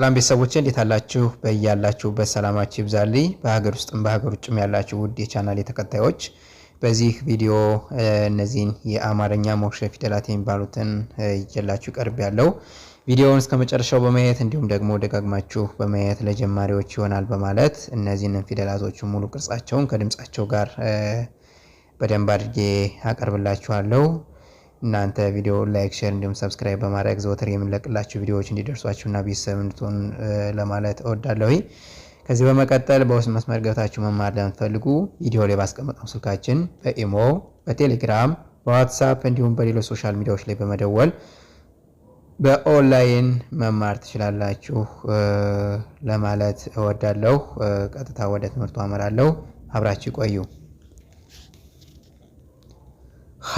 ሰላም ቤተሰቦች እንዴት አላችሁ? በያላችሁበት ሰላማችሁ ይብዛልኝ። በሀገር ውስጥም በሀገር ውጭም ያላችሁ ውድ የቻናል ተከታዮች በዚህ ቪዲዮ እነዚህን የአማርኛ ሞክሸ ፊደላት የሚባሉትን ይዤላችሁ ቀርብ ያለው ቪዲዮውን እስከ መጨረሻው በማየት እንዲሁም ደግሞ ደጋግማችሁ በማየት ለጀማሪዎች ይሆናል በማለት እነዚህን ፊደላቶች ሙሉ ቅርጻቸውን ከድምጻቸው ጋር በደንብ አድርጌ አቀርብላችኋለሁ። እናንተ ቪዲዮ ላይክ፣ ሼር እንዲሁም ሰብስክራይብ በማድረግ ዘወትር የምንለቅላችሁ ቪዲዮዎች እንዲደርሷችሁና ቤተሰብ እንድትሆን ለማለት እወዳለሁ። ከዚህ በመቀጠል በውስጥ መስመር ገብታችሁ መማር ለምትፈልጉ ቪዲዮ ላይ ባስቀመጥነው ስልካችን በኢሞ በቴሌግራም በዋትሳፕ እንዲሁም በሌሎች ሶሻል ሚዲያዎች ላይ በመደወል በኦንላይን መማር ትችላላችሁ ለማለት እወዳለሁ። ቀጥታ ወደ ትምህርቱ አመራለሁ። አብራችሁ ቆዩ። ሃ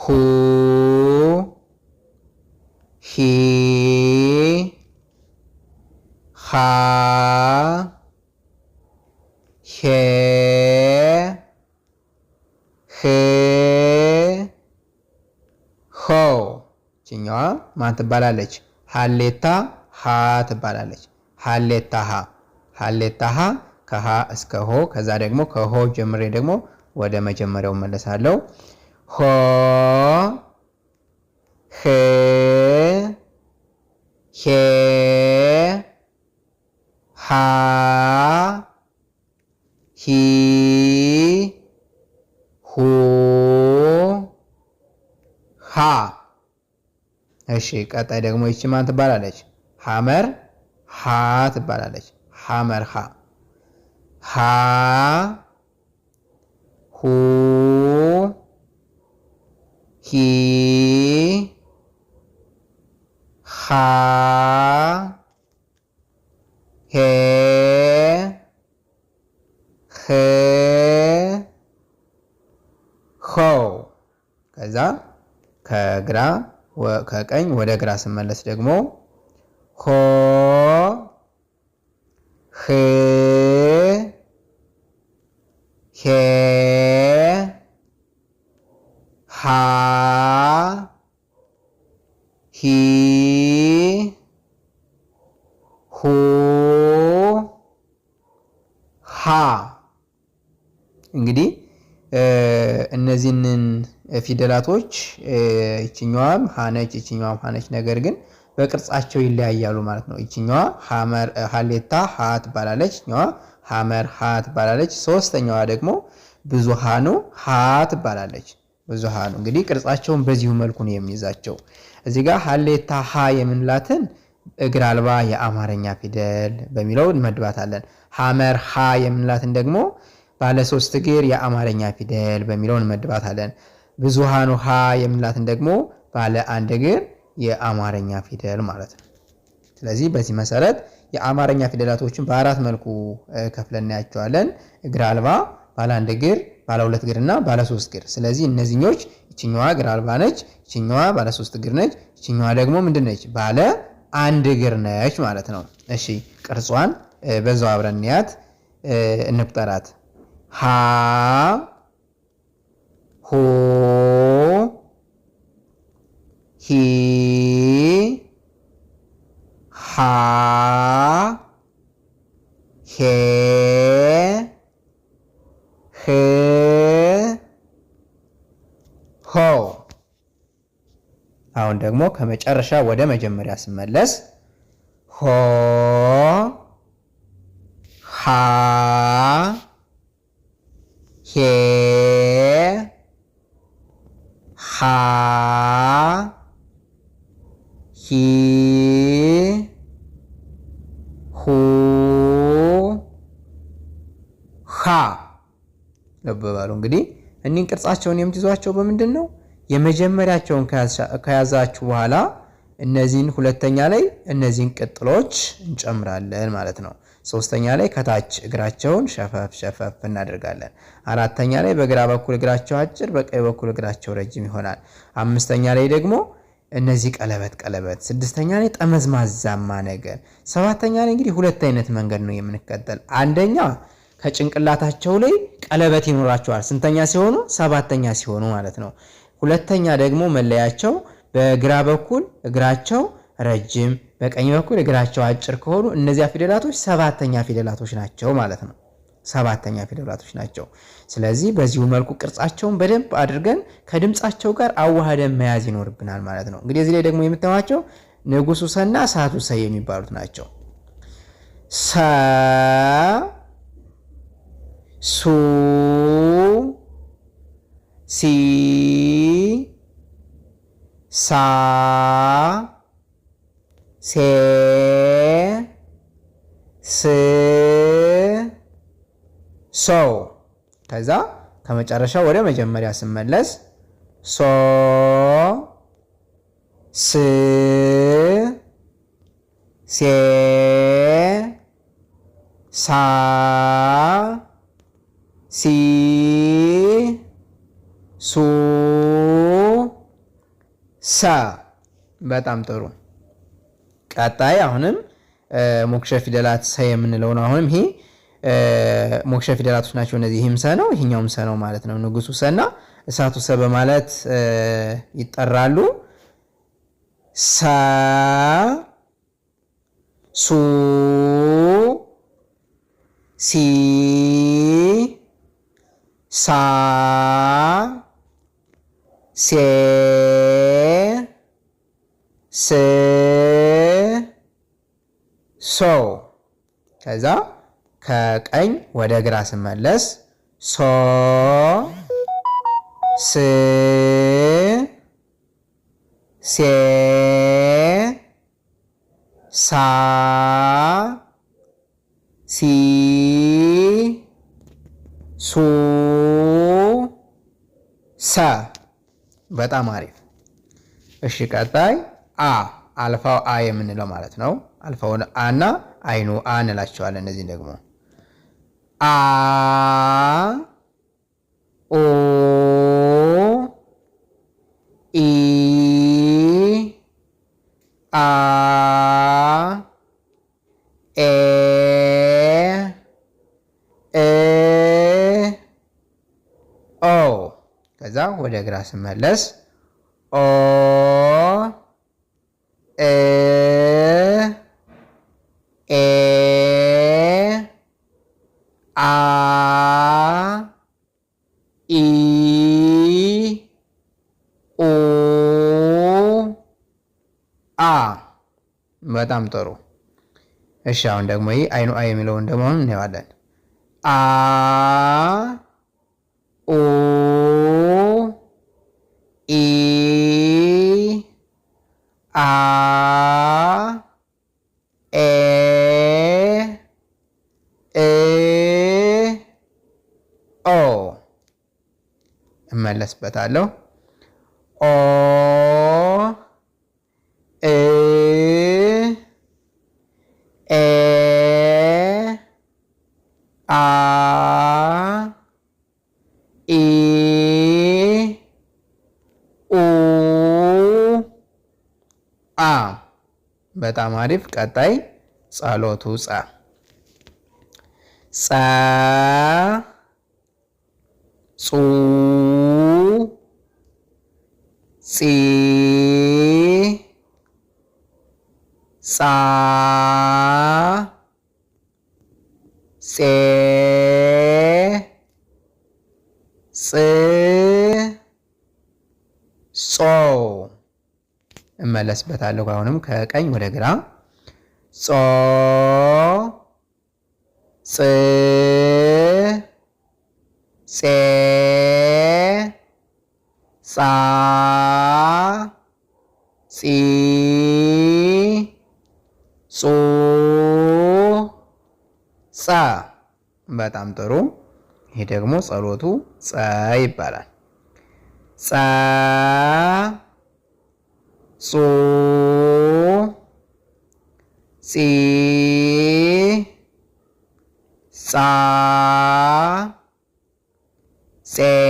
ሁ ሂ ሃ ሄ ህ ሆ ችኛዋ ማን ትባላለች? ሀሌታ ሀ ትባላለች። ሀሌታ ሀ ሀሌታ ሀ ከሀ እስከ ሆ ከዛ ደግሞ ከሆ ጀምሬ ደግሞ ወደ መጀመሪያው መለሳለሁ። ሆ ሄ ሄ ሀ ሂ ሁ ሀ። እሺ ቀጣይ ደግሞ ይቺ ማን ትባላለች? ሐመር ሃ ትባላለች። ሐመር ሃ ሃ ሁ ሂ ሃ ሄ ህ ሆ ከዛ ከግራ ከቀኝ ወደ ግራ ስመለስ ደግሞ ሆ ህ ሄ ሂ ሆ ሃ እንግዲህ እነዚህንን ፊደላቶች ይችኛዋም ሀነች ይችኛዋም ሀነች ነገር ግን በቅርጻቸው ይለያያሉ ማለት ነው። ይችኛዋ ሀሌታ ሀ ትባላለች። ይችኛዋ ሀመር ሀ ትባላለች። ሶስተኛዋ ደግሞ ብዙ ሀ ሀ ትባላለች። ብዙሃን እንግዲህ ቅርጻቸውን በዚሁ መልኩ ነው የሚይዛቸው። እዚህ ጋር ሀሌታ ሀ የምንላትን እግር አልባ የአማርኛ ፊደል በሚለው እንመድባታለን። ሐመር ሀ የምንላትን ደግሞ ባለ ሶስት እግር የአማርኛ ፊደል በሚለው እንመድባታለን። ብዙሃኑ ሀ የምንላትን ደግሞ ባለ አንድ እግር የአማርኛ ፊደል ማለት ነው። ስለዚህ በዚህ መሰረት የአማርኛ ፊደላቶችን በአራት መልኩ ከፍለን እናያቸዋለን። እግር አልባ፣ ባለ አንድ እግር ባለ ሁለት እግር እና ባለ ሶስት እግር። ስለዚህ እነዚህኞች ይችኛዋ እግር አልባ ነች፣ ይችኛዋ ባለ ሶስት እግር ነች፣ ይችኛዋ ደግሞ ምንድን ነች? ባለ አንድ እግር ነች ማለት ነው። እሺ ቅርጿን በዛው አብረን እንያት እንቁጠራት። ሀ ሆ ሂ ሀ ሄ ሄ ሆ አሁን ደግሞ ከመጨረሻ ወደ መጀመሪያ ስመለስ ሆ ሃ ሄ ሂ ሁ ለበባሉ እንግዲህ እኒህን ቅርጻቸውን የምትይዟቸው በምንድን ነው? የመጀመሪያቸውን ከያዛችሁ በኋላ እነዚህን ሁለተኛ ላይ እነዚህን ቅጥሎች እንጨምራለን ማለት ነው። ሶስተኛ ላይ ከታች እግራቸውን ሸፈፍ ሸፈፍ እናደርጋለን። አራተኛ ላይ በግራ በኩል እግራቸው አጭር፣ በቀኝ በኩል እግራቸው ረጅም ይሆናል። አምስተኛ ላይ ደግሞ እነዚህ ቀለበት ቀለበት፣ ስድስተኛ ላይ ጠመዝማዛማ ነገር፣ ሰባተኛ ላይ እንግዲህ ሁለት አይነት መንገድ ነው የምንከተል አንደኛ ከጭንቅላታቸው ላይ ቀለበት ይኖራቸዋል። ስንተኛ ሲሆኑ? ሰባተኛ ሲሆኑ ማለት ነው። ሁለተኛ ደግሞ መለያቸው በግራ በኩል እግራቸው ረጅም፣ በቀኝ በኩል እግራቸው አጭር ከሆኑ እነዚያ ፊደላቶች ሰባተኛ ፊደላቶች ናቸው ማለት ነው። ሰባተኛ ፊደላቶች ናቸው። ስለዚህ በዚሁ መልኩ ቅርጻቸውን በደንብ አድርገን ከድምፃቸው ጋር አዋህደን መያዝ ይኖርብናል ማለት ነው። እንግዲህ እዚህ ላይ ደግሞ የምታዩቸው ንጉሱ ሰና ሳቱ ሰ የሚባሉት ናቸው። ሱ ሲ ሳ ሴ ስ ሶ ከዛ ከመጨረሻው ወደ መጀመሪያ ስመለስ ሶ ስ ሴ ሳ ሳ በጣም ጥሩ። ቀጣይ አሁንም ሞክሸ ፊደላት ሰ የምንለው ነው። አሁንም ይሄ ሞክሸ ፊደላቶች ናቸው እነዚህ። ይህም ሰ ነው፣ ይሄኛውም ሰ ነው ማለት ነው። ንጉሱ ሰና እሳቱ ሰ በማለት ይጠራሉ። ሳ ሱ ሲ ሳ ሴ ሶ ከዛ ከቀኝ ወደ ግራ ስመለስ ሶ ስ ሴ ሳ ሲ ሱ ሰ። በጣም አሪፍ። እሺ ቀጣይ አ አልፋው አ የምንለው ማለት ነው። አልፋውን አ እና አይኑ አ እንላቸዋለን። እነዚህ ደግሞ አ ኦ ኢ አ ኤ ኤ ኦ ከዛ ወደ ግራ ስመለስ ኦ ኤ አ ኢ ኡ አ በጣም ጥሩ። እሺ አሁን ደግሞ ይህ አይኑ አይ የሚለውን ደግሞ እንየዋለን። አ ኡ ኢ አ ኦ እመለስበታለሁ። ኦ እ ኤ አ ኢ ኡ አ በጣም አሪፍ። ቀጣይ ጸሎቱ ጸ ጸ ጹ ጺ ጻ ጼ ጽ ጾ እመለስበታለሁ። አሁንም ከቀኝ ወደ ግራ ጾ ጽ ጼ Sa, si, su, sa, batam toro, hita kamu saroto, saipara, sa, su, si, sa, se.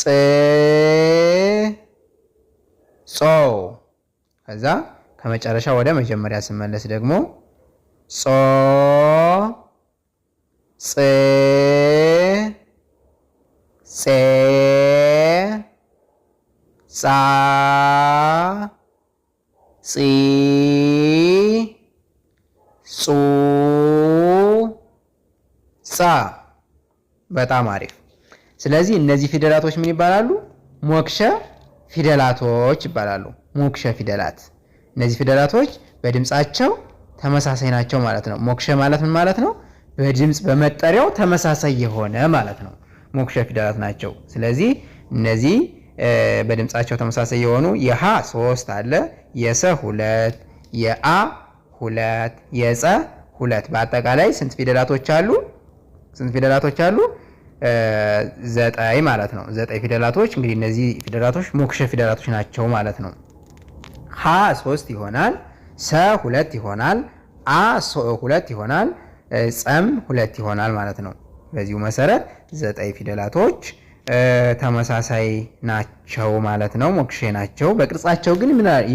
ጽ ጾ ከዛ ከመጨረሻ ወደ መጀመሪያ ስመለስ ደግሞ ጾ ጽ ጼ ጻ ጺ ጹ ጻ በጣም አሪፍ ስለዚህ እነዚህ ፊደላቶች ምን ይባላሉ? ሞክሸ ፊደላቶች ይባላሉ። ሞክሸ ፊደላት እነዚህ ፊደላቶች በድምፃቸው ተመሳሳይ ናቸው ማለት ነው። ሞክሸ ማለት ምን ማለት ነው? በድምፅ በመጠሪያው ተመሳሳይ የሆነ ማለት ነው። ሞክሸ ፊደላት ናቸው። ስለዚህ እነዚህ በድምፃቸው ተመሳሳይ የሆኑ የሀ ሶስት አለ፣ የሰ ሁለት፣ የአ ሁለት፣ የፀ ሁለት። በአጠቃላይ ስንት ፊደላቶች አሉ? ስንት ፊደላቶች አሉ? ዘጠኝ ማለት ነው። ዘጠኝ ፊደላቶች እንግዲህ እነዚህ ፊደላቶች ሞክሸ ፊደላቶች ናቸው ማለት ነው። ሀ ሶስት ይሆናል። ሰ ሁለት ይሆናል። አ ሁለት ይሆናል። ጸም ሁለት ይሆናል ማለት ነው። በዚሁ መሰረት ዘጠኝ ፊደላቶች ተመሳሳይ ናቸው ማለት ነው። ሞክሼ ናቸው። በቅርጻቸው ግን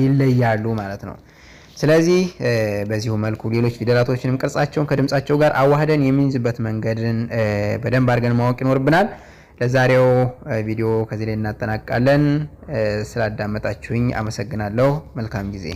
ይለያሉ ማለት ነው። ስለዚህ በዚሁ መልኩ ሌሎች ፊደላቶችንም ቅርጻቸውን ከድምጻቸው ጋር አዋህደን የምንይዝበት መንገድን በደንብ አድርገን ማወቅ ይኖርብናል። ለዛሬው ቪዲዮ ከዚህ ላይ እናጠናቅቃለን። ስላዳመጣችሁኝ አመሰግናለሁ። መልካም ጊዜ